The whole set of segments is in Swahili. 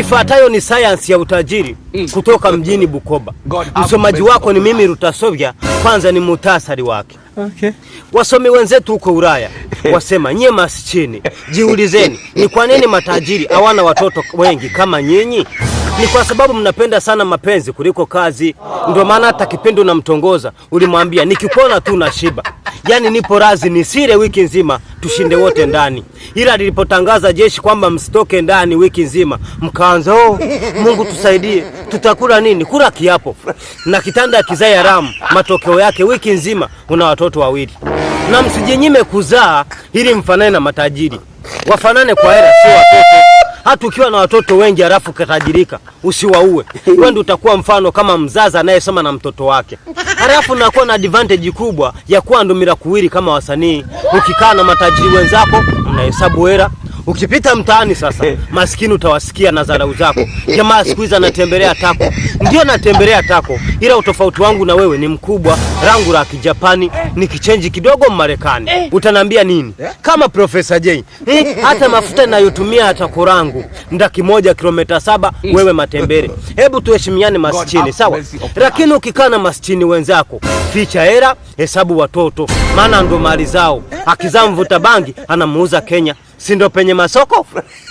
Ifuatayo ni sayansi ya utajiri mm. kutoka mjini Bukoba. Msomaji wako ni mimi Rutasovya. Kwanza ni muhtasari wake. Okay. Wasomi wenzetu huko Ulaya wasema nyie masichini, jiulizeni ni kwa nini matajiri hawana watoto wengi kama nyinyi? Ni kwa sababu mnapenda sana mapenzi kuliko kazi. Ndio maana hata kipindi unamtongoza ulimwambia nikikuona tu na shiba, yaani nipo razi nisire wiki nzima tushinde wote ndani, ila lilipotangaza jeshi kwamba msitoke ndani wiki nzima, mkaanza oh, Mungu tusaidie, tutakula nini? Kula kiapo na kitanda kizae haramu. Matokeo yake wiki nzima una watoto wawili. Na msijinyime kuzaa ili mfanane na matajiri, wafanane kwa hela, sio watoto hata ukiwa na watoto wengi halafu ukatajirika usiwaue. Wewe ndio utakuwa mfano kama mzazi anayesema na mtoto wake, halafu nakuwa na advantage kubwa ya kuwa ndo mirakuwili kama wasanii. Ukikaa na matajiri wenzako, mnahesabu hela Ukipita mtaani sasa, maskini utawasikia na dharau zako. Jamaa siku hizi anatembelea tako, ndio anatembelea tako, ila utofauti wangu na wewe ni mkubwa. Rangu la kijapani ni kichenji kidogo Marekani. Eh. Utanambia nini eh? kama Profesa J? Eh, hata mafuta ninayotumia tako rangu nda kimoja kilomita saba, wewe matembele. Hebu tuheshimiane maskini, sawa? Lakini ukikaa na maskini wenzako, ficha hela, hesabu watoto, maana ndo mali zao. Akizaa mvuta bangi anamuuza Kenya si ndo penye masoko?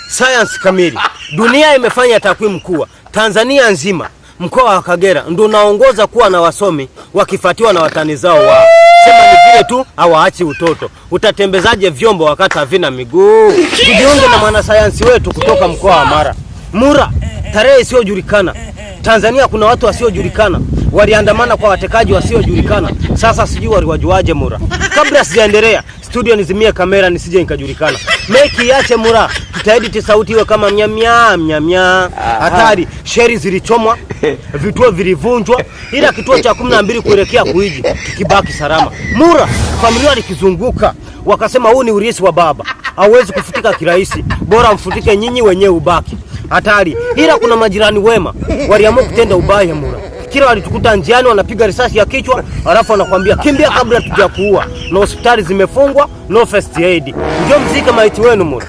Sayansi kamili. Dunia imefanya takwimu kuwa Tanzania nzima mkoa wa Kagera ndio unaongoza kuwa na wasomi wakifuatiwa na watani zao wa Sema ni vile tu hawaachi utoto. Utatembezaje vyombo wakati havina miguu? Tujiunge na mwanasayansi wetu kutoka mkoa wa Mara Mura, tarehe isiyojulikana. Tanzania kuna watu wasiojulikana waliandamana kwa watekaji wasiojulikana. Sasa sijui waliwajuaje Mura. Kabla sijaendelea studio nizimie kamera nisije nikajulikana. Meki iache mura, tutaediti sauti iwe kama mnyamnya mnyamnya. Hatari, sheri zilichomwa, vituo vilivunjwa, ila kituo cha kumi na mbili kuelekea kuiji kikibaki salama. Mura familia likizunguka wakasema huu ni urithi wa baba, hauwezi kufutika kirahisi, bora mfutike nyinyi wenyewe ubaki. Hatari, ila kuna majirani wema waliamua kutenda ubaya Mura kila walitukuta njiani wanapiga risasi ya kichwa, alafu wanakwambia kimbia kabla tujakuua, na hospitali zimefungwa, no first aid, ndio mzike maiti wenu mule.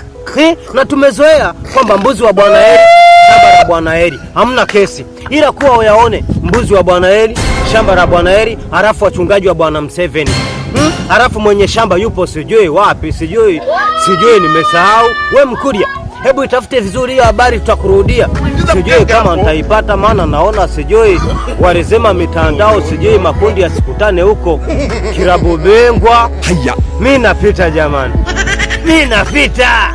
Na tumezoea kwamba mbuzi wa Bwana Eli, shamba la Bwana Eli, hamna kesi, ila kuwa wayaone mbuzi wa Bwana eli shamba la Bwana eli halafu wachungaji wa Bwana Mseveni hmm? halafu mwenye shamba yupo sijui wapi, sijui sijui, nimesahau we mkuria Hebu itafute vizuri hiyo habari, tutakurudia. Sijui kama nitaipata, maana naona sijui walisema mitandao, sijui makundi yasikutane huko kirabu bengwa. mi napita jamani, mi napita.